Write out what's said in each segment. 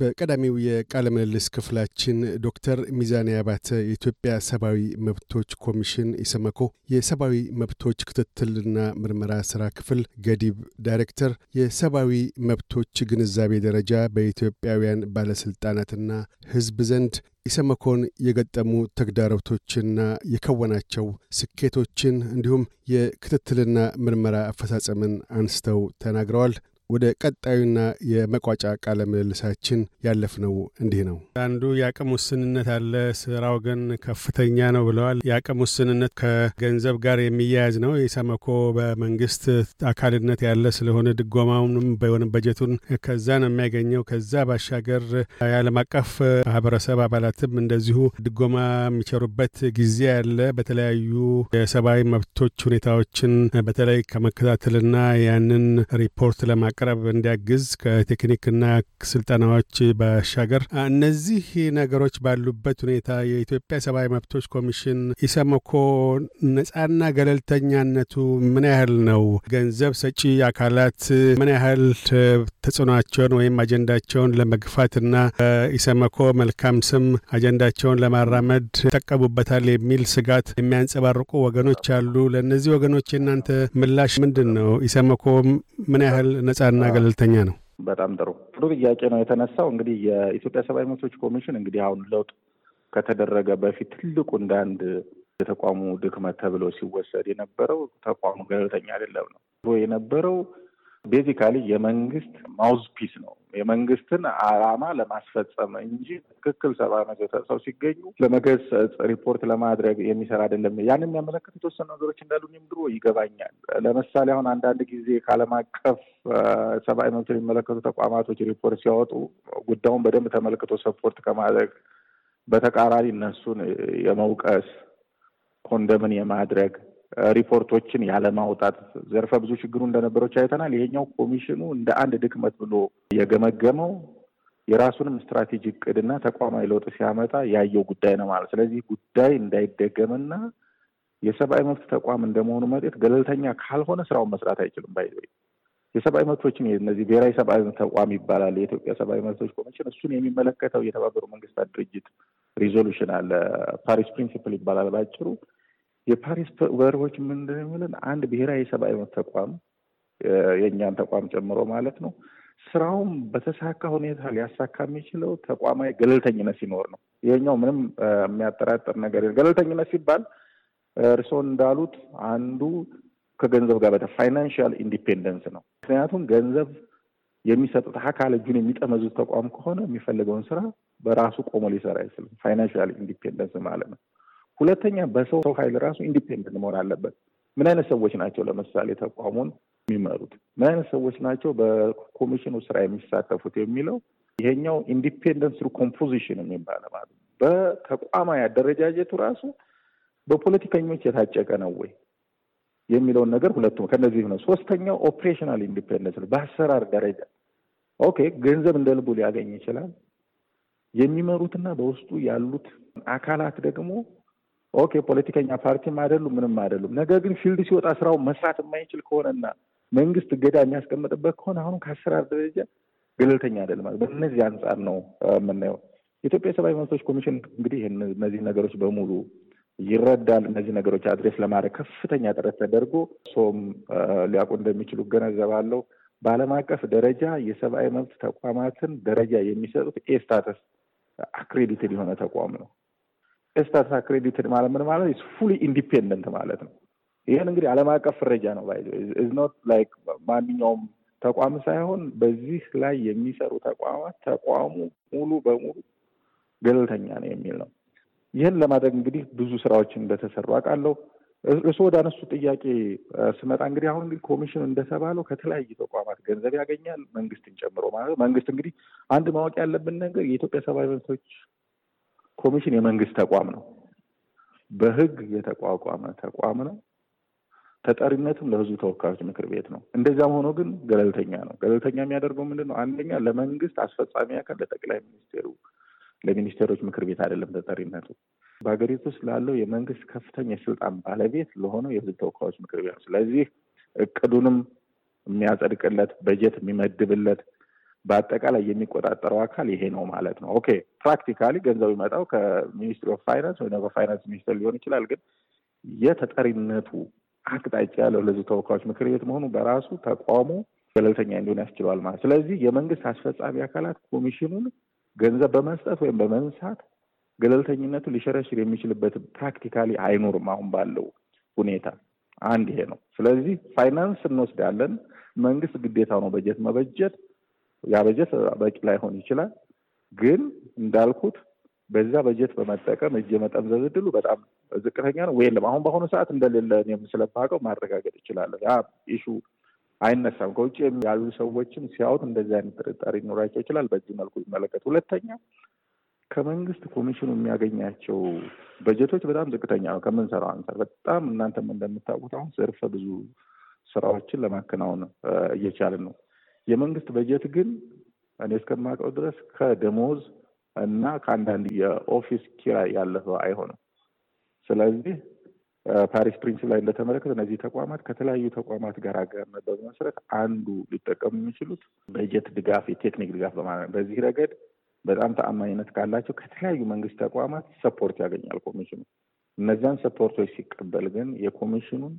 በቀዳሚው የቃለ ምልልስ ክፍላችን ዶክተር ሚዛኔ አባተ የኢትዮጵያ ሰብአዊ መብቶች ኮሚሽን ኢሰመኮ የሰብአዊ መብቶች ክትትልና ምርመራ ስራ ክፍል ገዲብ ዳይሬክተር፣ የሰብአዊ መብቶች ግንዛቤ ደረጃ በኢትዮጵያውያን ባለሥልጣናትና ህዝብ ዘንድ ኢሰመኮን የገጠሙ ተግዳሮቶችና የከወናቸው ስኬቶችን እንዲሁም የክትትልና ምርመራ አፈጻጸምን አንስተው ተናግረዋል። ወደ ቀጣዩና የመቋጫ ቃለ ምልልሳችን ያለፍነው እንዲህ ነው። አንዱ የአቅም ውስንነት አለ፣ ስራው ግን ከፍተኛ ነው ብለዋል። የአቅም ውስንነት ከገንዘብ ጋር የሚያያዝ ነው። ኢሰመኮ በመንግስት አካልነት ያለ ስለሆነ ድጎማውንም ቢሆን በጀቱን ከዛ ነው የሚያገኘው። ከዛ ባሻገር የዓለም አቀፍ ማህበረሰብ አባላትም እንደዚሁ ድጎማ የሚቸሩበት ጊዜ አለ። በተለያዩ የሰብአዊ መብቶች ሁኔታዎችን በተለይ ከመከታተልና ያንን ሪፖርት ለማቀ ለማቅረብ እንዲያግዝ ከቴክኒክና ስልጠናዎች ባሻገር እነዚህ ነገሮች ባሉበት ሁኔታ የኢትዮጵያ ሰብአዊ መብቶች ኮሚሽን ኢሰመኮ ነጻና ገለልተኛነቱ ምን ያህል ነው? ገንዘብ ሰጪ አካላት ምን ያህል ተጽዕኖቸውን ወይም አጀንዳቸውን ለመግፋትና ኢሰመኮ መልካም ስም አጀንዳቸውን ለማራመድ ይጠቀሙበታል የሚል ስጋት የሚያንጸባርቁ ወገኖች አሉ። ለእነዚህ ወገኖች የእናንተ ምላሽ ምንድን ነው? ኢሰመኮ ምን ያህል ነጻ ነጻና ገለልተኛ ነው? በጣም ጥሩ ጥሩ ጥያቄ ነው የተነሳው። እንግዲህ የኢትዮጵያ ሰብአዊ መብቶች ኮሚሽን እንግዲህ አሁን ለውጥ ከተደረገ በፊት ትልቁ እንደ አንድ የተቋሙ ድክመት ተብሎ ሲወሰድ የነበረው ተቋሙ ገለልተኛ አይደለም ነው የነበረው። ቤዚካሊ የመንግስት ማውዝ ፒስ ነው የመንግስትን አላማ ለማስፈጸም እንጂ ትክክል ሰብአዊ መብት ሰው ሲገኙ ለመገሰጽ ሪፖርት ለማድረግ የሚሰራ አይደለም። ያን የሚያመለክት የተወሰኑ ነገሮች እንዳሉ እኔም ድሮ ይገባኛል። ለምሳሌ አሁን አንዳንድ ጊዜ ከዓለም አቀፍ ሰብአዊ መብት የሚመለከቱ ተቋማቶች ሪፖርት ሲያወጡ ጉዳዩን በደንብ ተመልክቶ ሰፖርት ከማድረግ በተቃራኒ እነሱን የመውቀስ ኮንደምን የማድረግ ሪፖርቶችን ያለማውጣት ዘርፈ ብዙ ችግሩ እንደነበሮች አይተናል። ይሄኛው ኮሚሽኑ እንደ አንድ ድክመት ብሎ የገመገመው የራሱንም ስትራቴጂ እቅድና ተቋማዊ ለውጥ ሲያመጣ ያየው ጉዳይ ነው ማለት። ስለዚህ ጉዳይ እንዳይደገምና የሰብአዊ መብት ተቋም እንደመሆኑ መጤት ገለልተኛ ካልሆነ ስራውን መስራት አይችልም። ባይ የሰብአዊ መብቶችን እነዚህ ብሔራዊ ሰብአዊ መብት ተቋም ይባላል። የኢትዮጵያ ሰብአዊ መብቶች ኮሚሽን እሱን የሚመለከተው የተባበሩ መንግስታት ድርጅት ሪዞሉሽን አለ፣ ፓሪስ ፕሪንሲፕል ይባላል ባጭሩ የፓሪስ መርሆች ምንድን የሚለን አንድ ብሔራዊ የሰብአዊ መብት ተቋም የእኛን ተቋም ጨምሮ ማለት ነው ስራውም በተሳካ ሁኔታ ሊያሳካ የሚችለው ተቋማዊ ገለልተኝነት ሲኖር ነው። ይሄኛው ምንም የሚያጠራጥር ነገር ገለልተኝነት ሲባል እርስዎ እንዳሉት አንዱ ከገንዘብ ጋር በተ ፋይናንሽል ኢንዲፔንደንስ ነው። ምክንያቱም ገንዘብ የሚሰጡት አካል እጁን የሚጠመዙት ተቋም ከሆነ የሚፈልገውን ስራ በራሱ ቆሞ ሊሰራ አይችልም። ፋይናንሽል ኢንዲፔንደንስ ማለት ነው። ሁለተኛ በሰው ኃይል ራሱ ኢንዲፔንደንት መሆን አለበት። ምን አይነት ሰዎች ናቸው ለምሳሌ ተቋሙን የሚመሩት? ምን አይነት ሰዎች ናቸው በኮሚሽኑ ስራ የሚሳተፉት የሚለው ይሄኛው ኢንዲፔንደንት ሩ ኮምፖዚሽን የሚባለ ማለት ነው። በተቋማዊ አደረጃጀቱ ራሱ በፖለቲከኞች የታጨቀ ነው ወይ የሚለውን ነገር ሁለቱም ከነዚህ ነው። ሶስተኛው ኦፕሬሽናል ኢንዲፔንደንስ ነው። በአሰራር ደረጃ ኦኬ፣ ገንዘብ እንደ ልቡ ሊያገኝ ይችላል። የሚመሩትና በውስጡ ያሉት አካላት ደግሞ ኦኬ ፖለቲከኛ ፓርቲም አይደሉም ምንም አይደሉም። ነገር ግን ፊልድ ሲወጣ ስራው መስራት የማይችል ከሆነና መንግስት ገዳ የሚያስቀምጥበት ከሆነ አሁንም ከአሰራር ደረጃ ገለልተኛ አይደለም። በእነዚህ አንጻር ነው የምናየው። የኢትዮጵያ የሰብአዊ መብቶች ኮሚሽን እንግዲህ እነዚህ ነገሮች በሙሉ ይረዳል። እነዚህ ነገሮች አድሬስ ለማድረግ ከፍተኛ ጥረት ተደርጎ ሶም ሊያውቁ እንደሚችሉ እገነዘባለሁ። በዓለም አቀፍ ደረጃ የሰብአዊ መብት ተቋማትን ደረጃ የሚሰጡት ኤ ስታተስ አክሬዲትድ የሆነ ተቋም ነው። ስታትስ አክሬዲትድ ማለት ምን ማለት ስ ፉሊ ኢንዲፔንደንት ማለት ነው። ይህን እንግዲህ ዓለም አቀፍ ፍረጃ ነው ባይ ኢዝ ኖት ላይክ ማንኛውም ተቋም ሳይሆን በዚህ ላይ የሚሰሩ ተቋማት ተቋሙ ሙሉ በሙሉ ገለልተኛ ነው የሚል ነው። ይህን ለማድረግ እንግዲህ ብዙ ስራዎች እንደተሰሩ አውቃለሁ። እሱ ወደ አነሱ ጥያቄ ስመጣ እንግዲህ አሁን እንግዲህ ኮሚሽኑ እንደተባለው ከተለያዩ ተቋማት ገንዘብ ያገኛል መንግስትን ጨምሮ ማለት ነው። መንግስት እንግዲህ አንድ ማወቅ ያለብን ነገር የኢትዮጵያ ሰብአዊ መብቶች ኮሚሽን የመንግስት ተቋም ነው። በህግ የተቋቋመ ተቋም ነው። ተጠሪነትም ለህዝብ ተወካዮች ምክር ቤት ነው። እንደዚያም ሆኖ ግን ገለልተኛ ነው። ገለልተኛ የሚያደርገው ምንድን ነው? አንደኛ ለመንግስት አስፈጻሚ አካል ለጠቅላይ ሚኒስቴሩ፣ ለሚኒስቴሮች ምክር ቤት አይደለም ተጠሪነቱ። በሀገሪቱ ውስጥ ላለው የመንግስት ከፍተኛ የስልጣን ባለቤት ለሆነው የህዝብ ተወካዮች ምክር ቤት ነው። ስለዚህ እቅዱንም የሚያጸድቅለት፣ በጀት የሚመድብለት በአጠቃላይ የሚቆጣጠረው አካል ይሄ ነው ማለት ነው። ኦኬ ፕራክቲካሊ ገንዘብ ይመጣው ከሚኒስትሪ ኦፍ ፋይናንስ ወይ በፋይናንስ ሚኒስቴር ሊሆን ይችላል። ግን የተጠሪነቱ አቅጣጫ ያለው ለዚህ ተወካዮች ምክር ቤት መሆኑ በራሱ ተቋሙ ገለልተኛ እንዲሆን ያስችለዋል ማለት። ስለዚህ የመንግስት አስፈጻሚ አካላት ኮሚሽኑን ገንዘብ በመስጠት ወይም በመንሳት ገለልተኝነቱ ሊሸረሽር የሚችልበት ፕራክቲካሊ አይኖርም አሁን ባለው ሁኔታ። አንድ ይሄ ነው። ስለዚህ ፋይናንስ እንወስዳለን። መንግስት ግዴታው ነው በጀት መበጀት ያ በጀት በቂ ላይሆን ይችላል። ግን እንዳልኩት በዛ በጀት በመጠቀም እጅ የመጠምዘዝ እድሉ በጣም ዝቅተኛ ነው ወይም አሁን በአሁኑ ሰዓት እንደሌለ እኔም ስለማውቀው ማረጋገጥ እችላለሁ። ያ ኢሹ አይነሳም። ከውጭ ያሉ ሰዎችም ሲያዩት እንደዚህ አይነት ጥርጣሬ ሊኖራቸው ይችላል። በዚህ መልኩ ይመለከት። ሁለተኛ ከመንግስት ኮሚሽኑ የሚያገኛቸው በጀቶች በጣም ዝቅተኛ ነው ከምንሰራው አንጻር። በጣም እናንተም እንደምታውቁት አሁን ዘርፈ ብዙ ስራዎችን ለማከናወን እየቻልን ነው። የመንግስት በጀት ግን እኔ እስከማውቀው ድረስ ከደሞዝ እና ከአንዳንድ የኦፊስ ኪራይ ያለፈ አይሆንም። ስለዚህ ፓሪስ ፕሪንስ ላይ እንደተመለከተ እነዚህ ተቋማት ከተለያዩ ተቋማት ጋር አጋርነት በመመስረት አንዱ ሊጠቀሙ የሚችሉት በጀት ድጋፍ፣ የቴክኒክ ድጋፍ በማለት በዚህ ረገድ በጣም ተአማኝነት ካላቸው ከተለያዩ መንግስት ተቋማት ሰፖርት ያገኛል ኮሚሽኑ። እነዚያን ሰፖርቶች ሲቀበል ግን የኮሚሽኑን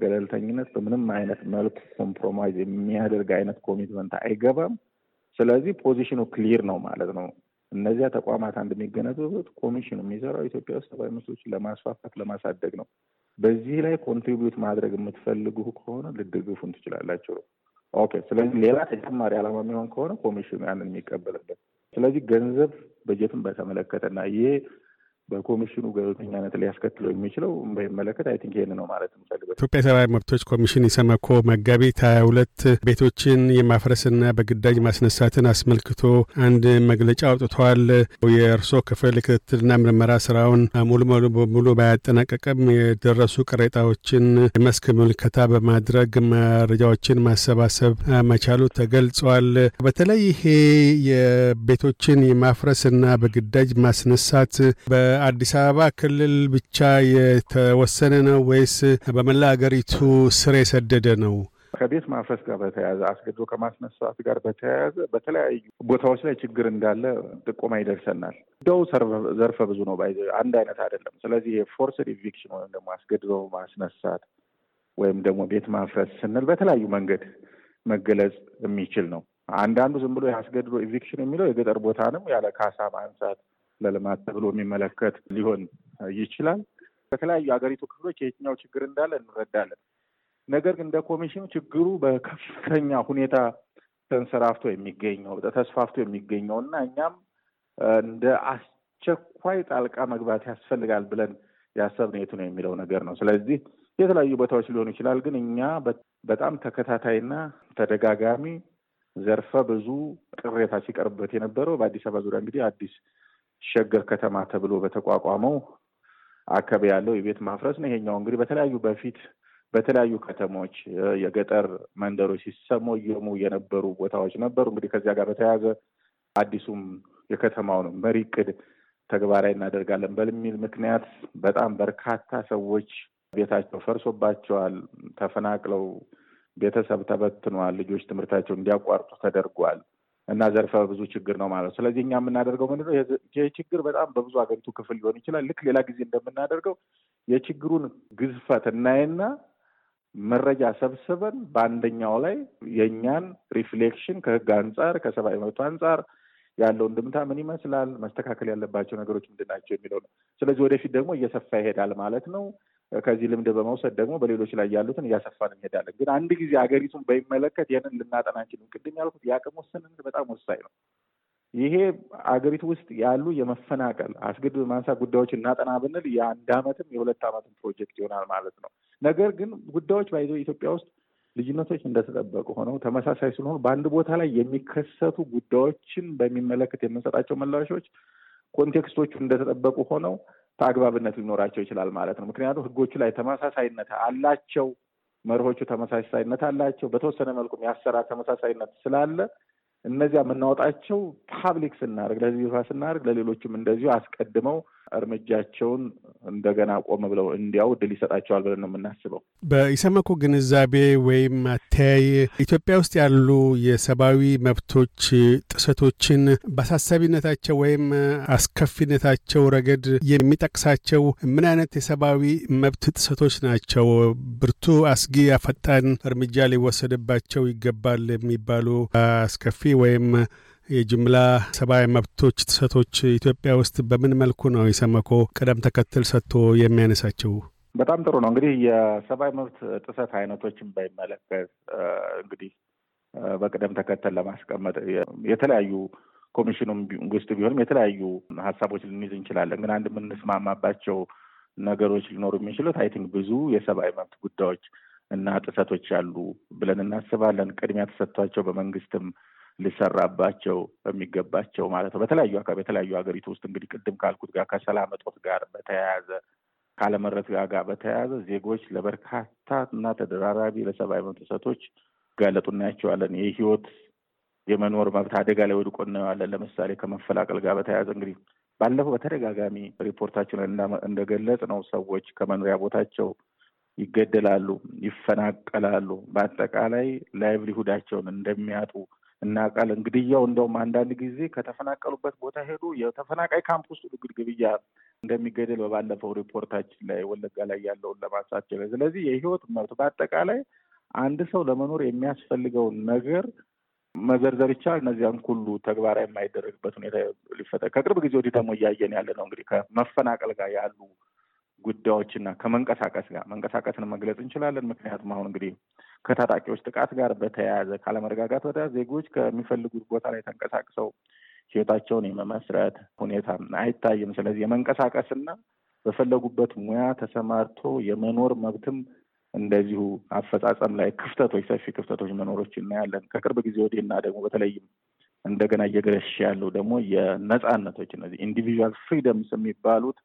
ገለልተኝነት በምንም አይነት መልክ ኮምፕሮማይዝ የሚያደርግ አይነት ኮሚትመንት አይገባም። ስለዚህ ፖዚሽኑ ክሊር ነው ማለት ነው። እነዚያ ተቋማት አንድ የሚገነዘቡት ኮሚሽኑ የሚሰራው ኢትዮጵያ ውስጥ ሰብአዊ መብቶችን ለማስፋፋት ለማሳደግ ነው። በዚህ ላይ ኮንትሪቢዩት ማድረግ የምትፈልጉ ከሆነ ልድግፉን ትችላላችሁ ነው። ኦኬ። ስለዚህ ሌላ ተጨማሪ ዓላማ የሚሆን ከሆነ ኮሚሽኑ ያንን የሚቀበልበት ስለዚህ ገንዘብ በጀትን በተመለከተና ይሄ በኮሚሽኑ ገለልተኛነት ሊያስከትለው የሚችለው በሚመለከት አይ ቲንክ ይህን ነው ማለት የምፈልገው። ኢትዮጵያ ሰብአዊ መብቶች ኮሚሽን ኢሰመኮ መጋቢት ሀያ ሁለት ቤቶችን የማፍረስና በግዳጅ ማስነሳትን አስመልክቶ አንድ መግለጫ አውጥተዋል። የእርሶ ክፍል ክትትልና ምርመራ ስራውን ሙሉ ሙሉ በሙሉ ባያጠናቀቅም የደረሱ ቅሬታዎችን የመስክ ምልከታ በማድረግ መረጃዎችን ማሰባሰብ መቻሉ ተገልጿል። በተለይ ይሄ የቤቶችን የማፍረስና በግዳጅ ማስነሳት በአዲስ አበባ ክልል ብቻ የተወሰነ ነው ወይስ በመላ አገሪቱ ስር የሰደደ ነው? ከቤት ማፍረስ ጋር በተያያዘ አስገዶ ከማስነሳት ጋር በተያያዘ በተለያዩ ቦታዎች ላይ ችግር እንዳለ ጥቆማ ይደርሰናል። ደው ዘርፈ ብዙ ነው፣ አንድ አይነት አይደለም። ስለዚህ የፎርስ ኢቪክሽን ወይም ደግሞ አስገድዶ ማስነሳት ወይም ደግሞ ቤት ማፍረስ ስንል በተለያዩ መንገድ መገለጽ የሚችል ነው። አንዳንዱ ዝም ብሎ የአስገድዶ ኢቪክሽን የሚለው የገጠር ቦታንም ያለ ካሳ ማንሳት ለልማት ተብሎ የሚመለከት ሊሆን ይችላል። በተለያዩ የሀገሪቱ ክፍሎች የትኛው ችግር እንዳለ እንረዳለን። ነገር ግን እንደ ኮሚሽን ችግሩ በከፍተኛ ሁኔታ ተንሰራፍቶ የሚገኘው ተስፋፍቶ የሚገኘው እና እኛም እንደ አስቸኳይ ጣልቃ መግባት ያስፈልጋል ብለን ያሰብነው የቱ ነው የሚለው ነገር ነው። ስለዚህ የተለያዩ ቦታዎች ሊሆኑ ይችላል። ግን እኛ በጣም ተከታታይና ተደጋጋሚ ዘርፈ ብዙ ቅሬታ ሲቀርብበት የነበረው በአዲስ አበባ ዙሪያ እንግዲህ አዲስ ሸገር ከተማ ተብሎ በተቋቋመው አካባቢ ያለው የቤት ማፍረስ ነው። ይሄኛው እንግዲህ በተለያዩ በፊት በተለያዩ ከተሞች የገጠር መንደሮች ሲሰሞየሙ የነበሩ ቦታዎች ነበሩ። እንግዲህ ከዚያ ጋር በተያያዘ አዲሱም ነው መሪ ዕቅድ ተግባራዊ እናደርጋለን በሚል ምክንያት በጣም በርካታ ሰዎች ቤታቸው ፈርሶባቸዋል፣ ተፈናቅለው ቤተሰብ ተበትኗል፣ ልጆች ትምህርታቸው እንዲያቋርጡ ተደርጓል። እና ዘርፈ ብዙ ችግር ነው ማለት ነው። ስለዚህ እኛ የምናደርገው ምንድነው ይህ ችግር በጣም በብዙ ሀገሪቱ ክፍል ሊሆን ይችላል። ልክ ሌላ ጊዜ እንደምናደርገው የችግሩን ግዝፈት እናይና መረጃ ሰብስበን በአንደኛው ላይ የእኛን ሪፍሌክሽን ከህግ አንጻር ከሰብአዊ መብቱ አንጻር ያለው እንድምታ ምን ይመስላል፣ መስተካከል ያለባቸው ነገሮች ምንድን ናቸው የሚለው ነው። ስለዚህ ወደፊት ደግሞ እየሰፋ ይሄዳል ማለት ነው። ከዚህ ልምድ በመውሰድ ደግሞ በሌሎች ላይ ያሉትን እያሰፋን እንሄዳለን። ግን አንድ ጊዜ ሀገሪቱን በሚመለከት ይህንን ልናጠና አንችልም። ቅድም ያልኩት የአቅም ወስንነት በጣም ወሳኝ ነው። ይሄ አገሪቱ ውስጥ ያሉ የመፈናቀል አስገድዶ ማንሳት ጉዳዮች እናጠና ብንል የአንድ ዓመትም የሁለት አመትም ፕሮጀክት ይሆናል ማለት ነው። ነገር ግን ጉዳዮች ባይዞ ኢትዮጵያ ውስጥ ልዩነቶች እንደተጠበቁ ሆነው ተመሳሳይ ስለሆኑ በአንድ ቦታ ላይ የሚከሰቱ ጉዳዮችን በሚመለከት የምንሰጣቸው መላሾች ኮንቴክስቶቹ እንደተጠበቁ ሆነው በአግባብነት ሊኖራቸው ይችላል ማለት ነው። ምክንያቱም ህጎቹ ላይ ተመሳሳይነት አላቸው፣ መርሆቹ ተመሳሳይነት አላቸው። በተወሰነ መልኩ የአሰራር ተመሳሳይነት ስላለ እነዚያ የምናወጣቸው ፓብሊክ ስናደርግ፣ ለህዝብ ይፋ ስናደርግ፣ ለሌሎችም እንደዚሁ አስቀድመው እርምጃቸውን እንደገና ቆም ብለው እንዲያው ድል ይሰጣቸዋል ብለን ነው የምናስበው። በኢሰመኮ ግንዛቤ ወይም አተያይ ኢትዮጵያ ውስጥ ያሉ የሰብአዊ መብቶች ጥሰቶችን በአሳሳቢነታቸው ወይም አስከፊነታቸው ረገድ የሚጠቅሳቸው ምን አይነት የሰብአዊ መብት ጥሰቶች ናቸው? ብርቱ፣ አስጊ፣ ፈጣን እርምጃ ሊወሰድባቸው ይገባል የሚባሉ አስከፊ ወይም የጅምላ ሰብአዊ መብቶች ጥሰቶች ኢትዮጵያ ውስጥ በምን መልኩ ነው የሰመኮ ቅደም ተከተል ሰጥቶ የሚያነሳቸው? በጣም ጥሩ ነው። እንግዲህ የሰብአዊ መብት ጥሰት አይነቶችን በሚመለከት እንግዲህ በቅደም ተከተል ለማስቀመጥ የተለያዩ ኮሚሽኑም ውስጥ ቢሆንም የተለያዩ ሀሳቦች ልንይዝ እንችላለን። ግን አንድ የምንስማማባቸው ነገሮች ሊኖሩ የሚችሉት አይ ቲንክ ብዙ የሰብአዊ መብት ጉዳዮች እና ጥሰቶች አሉ ብለን እናስባለን። ቅድሚያ ተሰጥቷቸው በመንግስትም ሊሰራባቸው በሚገባቸው ማለት ነው። በተለያዩ አካባቢ የተለያዩ ሀገሪቱ ውስጥ እንግዲህ ቅድም ካልኩት ጋር ከሰላም እጦት ጋር በተያያዘ ካለመረት ጋር በተያያዘ ዜጎች ለበርካታ እና ተደራራቢ ለሰብአዊ መብት ጥሰቶች ጋለጡ እናያቸዋለን። የህይወት የመኖር መብት አደጋ ላይ ወድቆ እናየዋለን። ለምሳሌ ከመፈላቀል ጋር በተያያዘ እንግዲህ ባለፈው በተደጋጋሚ ሪፖርታችን እንደገለጽ ነው ሰዎች ከመኖሪያ ቦታቸው ይገደላሉ፣ ይፈናቀላሉ። በአጠቃላይ ላይቭሊሁዳቸውን እንደሚያጡ እናውቃለን። ግድያው እንደውም አንዳንድ ጊዜ ከተፈናቀሉበት ቦታ ሄዱ የተፈናቃይ ካምፕ ውስጥ ግድ ግብያ እንደሚገደል በባለፈው ሪፖርታችን ላይ ወለጋ ላይ ያለውን ለማንሳት ችለ። ስለዚህ የህይወት መብት በአጠቃላይ አንድ ሰው ለመኖር የሚያስፈልገውን ነገር መዘርዘር ይቻላል። እነዚያን ሁሉ ተግባራዊ የማይደረግበት ሁኔታ ሊፈጠር ከቅርብ ጊዜ ወዲህ ደግሞ እያየን ያለ ነው እንግዲህ ከመፈናቀል ጋር ያሉ ጉዳዮችና ከመንቀሳቀስ ጋር መንቀሳቀስን መግለጽ እንችላለን። ምክንያቱም አሁን እንግዲህ ከታጣቂዎች ጥቃት ጋር በተያያዘ ካለመረጋጋት ወደ ዜጎች ከሚፈልጉት ቦታ ላይ ተንቀሳቅሰው ህይወታቸውን የመመስረት ሁኔታ አይታይም። ስለዚህ የመንቀሳቀስና በፈለጉበት ሙያ ተሰማርቶ የመኖር መብትም እንደዚሁ አፈጻጸም ላይ ክፍተቶች፣ ሰፊ ክፍተቶች መኖሮች እናያለን። ከቅርብ ጊዜ ወዲህና ደግሞ በተለይም እንደገና እየገረሽ ያለው ደግሞ የነጻነቶች እነዚህ ኢንዲቪዥዋል ፍሪደምስ የሚባሉት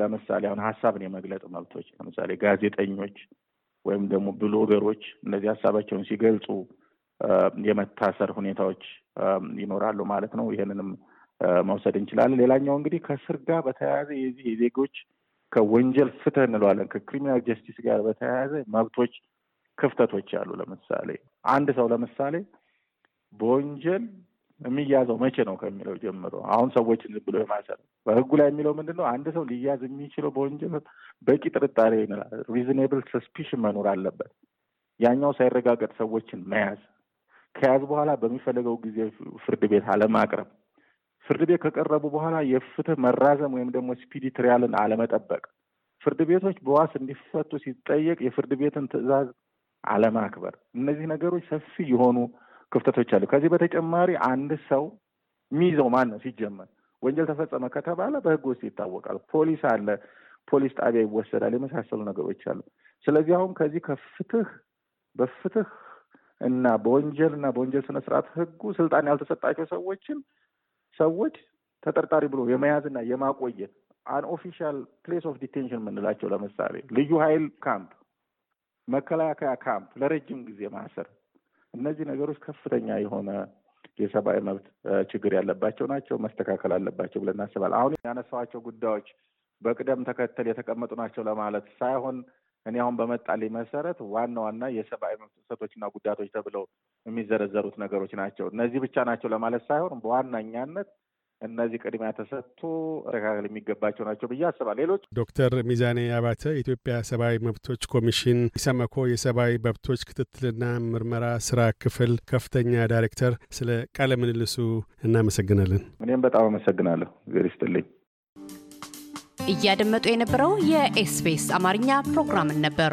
ለምሳሌ አሁን ሀሳብን የመግለጥ መብቶች ለምሳሌ ጋዜጠኞች ወይም ደግሞ ብሎገሮች እነዚህ ሀሳባቸውን ሲገልጹ የመታሰር ሁኔታዎች ይኖራሉ ማለት ነው። ይህንንም መውሰድ እንችላለን። ሌላኛው እንግዲህ ከስር ጋር በተያያዘ የዚህ የዜጎች ከወንጀል ፍትህ እንለዋለን ከክሪሚናል ጀስቲስ ጋር በተያያዘ መብቶች ክፍተቶች አሉ። ለምሳሌ አንድ ሰው ለምሳሌ በወንጀል የሚያዘው መቼ ነው ከሚለው ጀምሮ አሁን ሰዎችን ዝም ብሎ የማሰር በህጉ ላይ የሚለው ምንድን ነው? አንድ ሰው ሊያዝ የሚችለው በወንጀል በቂ ጥርጣሬ ይኖራል፣ ሪዝኔብል ሰስፒሽን መኖር አለበት። ያኛው ሳይረጋገጥ ሰዎችን መያዝ፣ ከያዝ በኋላ በሚፈለገው ጊዜ ፍርድ ቤት አለማቅረብ፣ ፍርድ ቤት ከቀረቡ በኋላ የፍትህ መራዘም ወይም ደግሞ ስፒዲ ትሪያልን አለመጠበቅ፣ ፍርድ ቤቶች በዋስ እንዲፈቱ ሲጠየቅ የፍርድ ቤትን ትዕዛዝ አለማክበር፣ እነዚህ ነገሮች ሰፊ የሆኑ ክፍተቶች አሉ። ከዚህ በተጨማሪ አንድ ሰው የሚይዘው ማን ነው? ሲጀመር ወንጀል ተፈጸመ ከተባለ በህግ ውስጥ ይታወቃል። ፖሊስ አለ፣ ፖሊስ ጣቢያ ይወሰዳል፣ የመሳሰሉ ነገሮች አሉ። ስለዚህ አሁን ከዚህ ከፍትህ በፍትህ እና በወንጀል እና በወንጀል ስነስርዓት ህጉ ስልጣን ያልተሰጣቸው ሰዎችን ሰዎች ተጠርጣሪ ብሎ የመያዝና የማቆየት አንኦፊሻል ፕሌስ ኦፍ ዲቴንሽን የምንላቸው ለምሳሌ ልዩ ኃይል ካምፕ፣ መከላከያ ካምፕ ለረጅም ጊዜ ማሰር እነዚህ ነገሮች ከፍተኛ የሆነ የሰብአዊ መብት ችግር ያለባቸው ናቸው፣ መስተካከል አለባቸው ብለን እናስባለን። አሁን ያነሳዋቸው ጉዳዮች በቅደም ተከተል የተቀመጡ ናቸው ለማለት ሳይሆን እኔ አሁን በመጣልኝ መሰረት ዋና ዋና የሰብአዊ መብት ጥሰቶችና ጉዳቶች ተብለው የሚዘረዘሩት ነገሮች ናቸው። እነዚህ ብቻ ናቸው ለማለት ሳይሆን በዋነኛነት እነዚህ ቅድሚያ ተሰጥቶ መስተካከል የሚገባቸው ናቸው ብዬ አስባል። ሌሎች ዶክተር ሚዛኔ አባተ የኢትዮጵያ ሰብአዊ መብቶች ኮሚሽን ኢሰመኮ የሰብአዊ መብቶች ክትትልና ምርመራ ስራ ክፍል ከፍተኛ ዳይሬክተር፣ ስለ ቃለ ምልልሱ እናመሰግናለን። እኔም በጣም አመሰግናለሁ። እግዜር ይስጥልኝ። እያደመጡ የነበረው የኤስቢኤስ አማርኛ ፕሮግራምን ነበር።